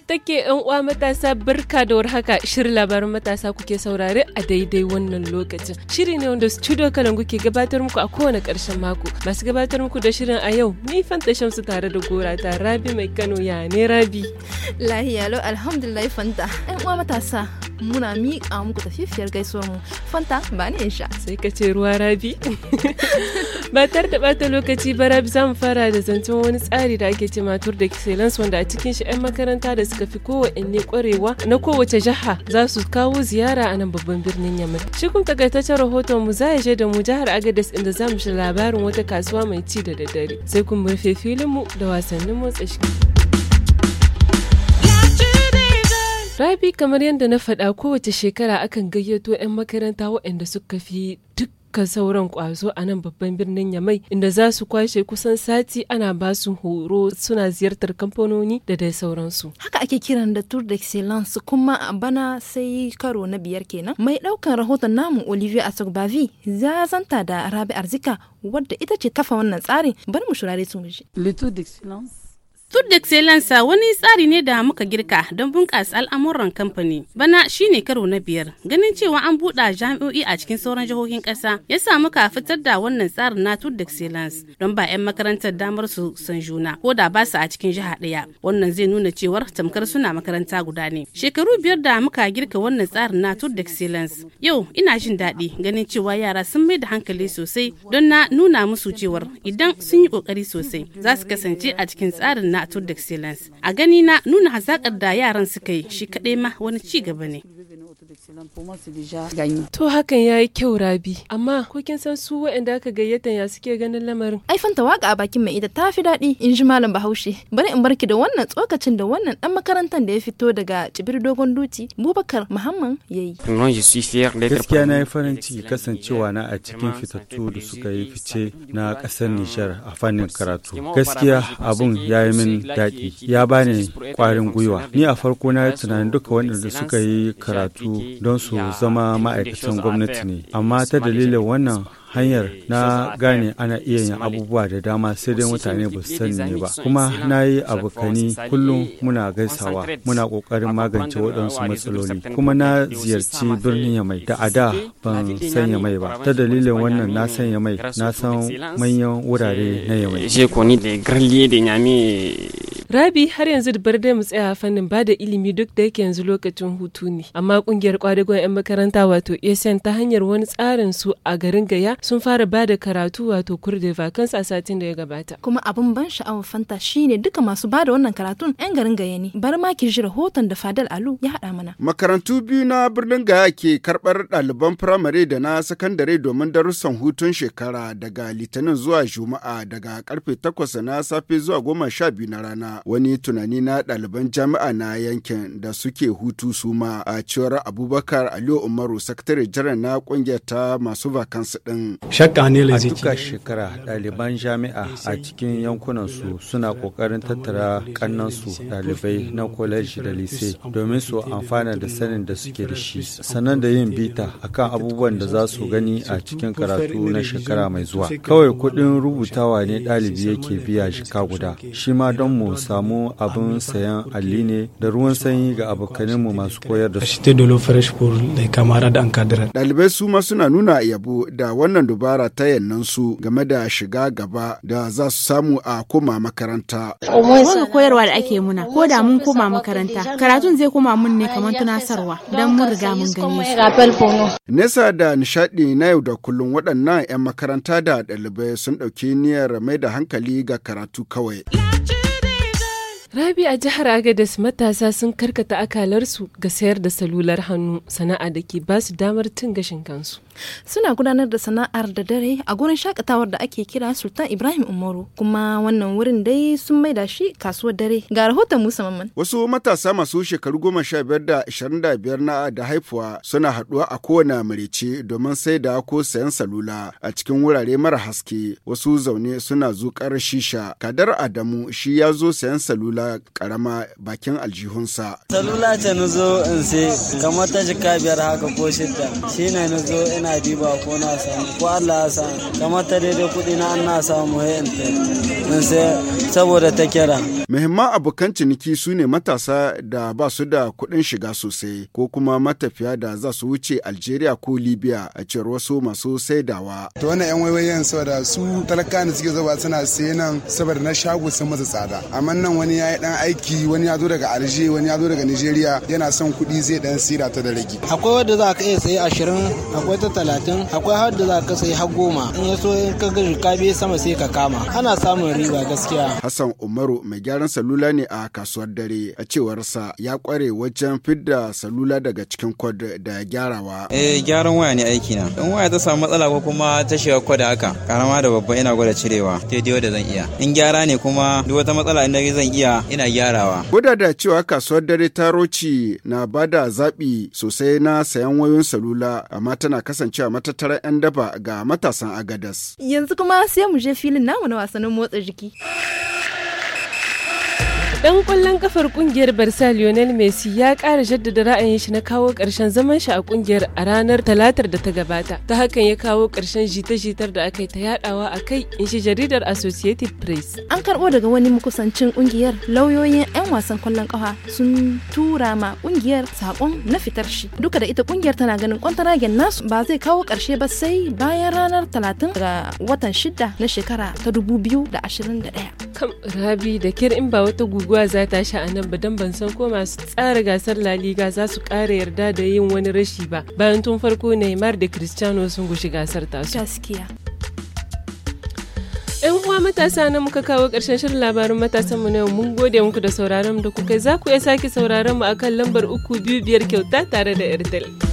take yan uwa matasa barka da haka shirin labarin matasa kuke saurare a daidai wannan lokacin. Shiri ne wanda studio kalan kuke gabatar muku a kowane karshen mako. Masu gabatar muku da shirin a yau ni Fanta Shamsu tare da gora ta Rabi mai Kano ya ne Rabi. Lahiya alhamdulillah Fanta. Yan uwa matasa muna miƙa muku tafiyar gaisuwar mu fanta ba sha sai ka ce ruwa rabi ba tar da bata lokaci ba rabi zamu fara da zancen wani tsari da ake ce matur da excellence wanda a cikin shi 'yan makaranta da suka fi kowanne kwarewa na kowace jiha za su kawo ziyara a nan babban birnin yamma shi kun takaitaccen rahoton mu za ya da mu jihar agadez inda za mu shi labarin wata kasuwa mai ci da daddare sai kun rufe filin mu da wasannin motsa shi Rabi kamar yadda na faɗa kowace shekara akan gayyato 'yan makaranta waɗanda suka fi duk sauran kwazo a nan babban birnin Yamai inda za su kwashe kusan sati ana ba su horo suna ziyartar kamfanoni da dai sauransu. Haka ake kiran da Tour d'Excellence kuma a bana sai karo na biyar kenan. Mai daukan rahoton namu Olivier Asogbavi za zanta da Rabi Arzika wadda ita ce kafa wannan tsarin bar mu shurare su mu ji. d'Excellence Stud Excellence wani tsari ne da muka girka don bunƙasa al'amuran kamfani. Bana shine karo na biyar. Ganin cewa an buɗa jami'o'i a cikin sauran jihohin ƙasa ya sa muka fitar da wannan tsarin na Tour Excellence don ba 'yan makarantar damar su san juna ko da ba su a cikin jiha ɗaya. Wannan zai nuna cewar tamkar suna makaranta guda ne. Shekaru biyar da muka girka wannan tsarin na Tour Excellence. Yau ina jin daɗi ganin cewa yara sun mai da hankali sosai don na nuna musu cewar idan sun yi ƙoƙari sosai za su kasance a cikin tsarin na a tour d'excellence a gani na nuna hazakar da yaran suka yi shi kaɗai ma wani ci gaba ne To hakan ya yi kyau rabi, amma ko kin san su waɗanda aka gayyata ya suke ganin lamarin? Ai fanta waka a bakin mai ita ta fi daɗi in ji malam Bahaushe. Bari in barki da wannan tsokacin da wannan ɗan makarantar da ya fito daga Cibir Dogon Duti, Bubakar Muhammad ya yi. Gaskiya na yi farin ciki kasancewa na a cikin fitattu da suka yi fice na ƙasar Nijar a fannin karatu. Gaskiya abun ya yi min daɗi, ya bani ƙwarin gwiwa. Ni a farko na yi tunanin duka waɗanda suka yi karatu don su zama ma'aikatan gwamnati ne amma ta dalilin wannan hanyar na gane ana iya yin abubuwa da dama sai dai mutane ba su sani ne ba kuma na yi abokani kullum muna gaisawa muna kokarin magance waɗansu matsaloli kuma na ziyarci birnin yamai da a da ban sanya mai ba ta dalilin wannan na san yamai na san manyan wurare na yamai Rabi har yanzu da bar dai mu tsaya fannin ba da ilimi duk da yake yanzu lokacin hutu ne. Amma kungiyar kwadagon 'yan makaranta wato ESN ta hanyar wani tsarin su a garin Gaya sun fara bada karatu wato kurde vakans a satin da ya gabata. Kuma abin ban sha'awar fanta shine duka masu bada wannan karatun 'yan garin Gaya ne. Bar ma ki ji rahoton da Fadal Alu ya haɗa mana. Makarantu biyu na birnin Gaya ke karɓar ɗaliban firamare da na sakandare domin darussan hutun shekara daga Litinin zuwa Juma'a daga karfe takwas na safe zuwa goma sha biyu na rana. wani tunani na ɗaliban jami'a na yankin da suke hutu su ma a cewar abubakar aliyu umaru sakatare jiran na ƙungiyar ta masu vakansu ɗin. a duka shekara ɗaliban jami'a a cikin yankunan su suna ƙoƙarin tattara ƙannan su ɗalibai na kwalaji da lise domin su amfana da sanin da suke da shi sannan da yin bita akan abubuwan da za su gani a cikin karatu na shekara mai zuwa kawai kuɗin rubutawa ne ɗalibi yake biya shika guda shi ma don mu samu abin sayan alli ne da ruwan sanyi ga mu masu koyar da su. Ɗalibai su ma suna nuna yabo da wannan dubara ta yannan su game da shiga gaba da za su samu a koma makaranta. Wanga koyarwa da ake muna ko da mun koma makaranta karatun zai koma mun ne kamar tunasarwa don mun riga mun gane Nesa da nishaɗi na yau da kullum waɗannan 'yan makaranta da ɗalibai sun ɗauki niyyar mai da hankali ga karatu kawai. Rabi a jihar Agadez matasa sun karkata akalarsu ga sayar da salular hannu sana'a da ke ba damar tun gashin kansu. suna gudanar da sana'ar da dare a gurin shakatawar da ake kira sultan ibrahim umaru kuma wannan wurin dai sun maida shi kasuwar dare ga rahoton musa mamman wasu matasa masu shekaru goma sha biyar da ashirin da biyar na da haifuwa suna haɗuwa a kowane marice domin sai da ko sayan salula a cikin wurare mara haske wasu zaune suna zukar shisha kadar adamu shi ya zo sayan salula karama bakin aljihunsa salula ta nuzo in sai kamar ta jika biyar haka ko shidda shi na nuzo ina ina diba ko na samu ko Allah ya samu kamar ta daidai kuɗi na an na samu he in sai saboda ta kira. Muhimman abokan ciniki su ne matasa da ba su da kuɗin shiga sosai ko kuma matafiya da za su wuce Algeria ko Libya a cewar wasu masu saidawa. To wannan yan yan saboda su talaka ne suke zuwa suna nan saboda na shago sun masa tsada. Amma nan wani ya yi dan aiki wani ya zo daga Alje wani ya zo daga Nigeria yana son kuɗi zai dan sira ta da rage. Akwai wanda za ka iya sayi ashirin akwai ta talatin akwai har da za ka sai har goma in ya so ka gaji ka biyu sama sai ka kama ana samun riba gaskiya. Hassan Umaru mai gyaran salula ne a kasuwar dare a cewar sa ya kware wajen fidda salula daga cikin kod da gyarawa. Eh gyaran waya ne aiki na. In waya ta samu matsala ko kuma ta shiga kod haka karama da babba ina gwada cirewa daidai wanda zan iya. In gyara ne kuma duk wata matsala inda zan iya ina gyarawa. koda da cewa kasuwar dare ta roci na bada zaɓi sosai na sayan wayoyin salula amma tana kasance kasancewa matattarar 'yan dafa ga matasan agadas. Yanzu kuma sai mu je filin namu na wasannin motsa jiki. Dan kwallon kafar kungiyar Barca Lionel Messi ya ƙara jaddada ra'ayin shi na kawo ƙarshen zaman shi a kungiyar a ranar talatar da ta gabata. Ta hakan ya kawo ƙarshen jita-jitar da aka yi ta yadawa a kai in shi jaridar Associated Press. An karɓo daga wani makusancin kungiyar lauyoyin 'yan wasan kwallon kafa sun tura ma kungiyar sakon na fitar shi. Duka da ita kungiyar tana ganin kwantaragen nasu ba zai kawo ƙarshe ba sai bayan ranar talatin ga watan shida na shekara ta dubu biyu da ashirin da ɗaya. Kam Rabi da kir in ba wata guguwa guguwa za ta sha a nan ba don ban san ko masu tsara gasar La Liga za su ƙara yarda da yin wani rashi ba bayan tun farko Neymar da Cristiano sun gushi gasar tasu. Gaskiya. 'yan uwa matasa na muka kawo ƙarshen shirin labarin matasan mu na yau mun gode muku da sauraron da kuka za ku iya sake sauraron mu akan lambar uku biyu biyar kyauta tare da airtel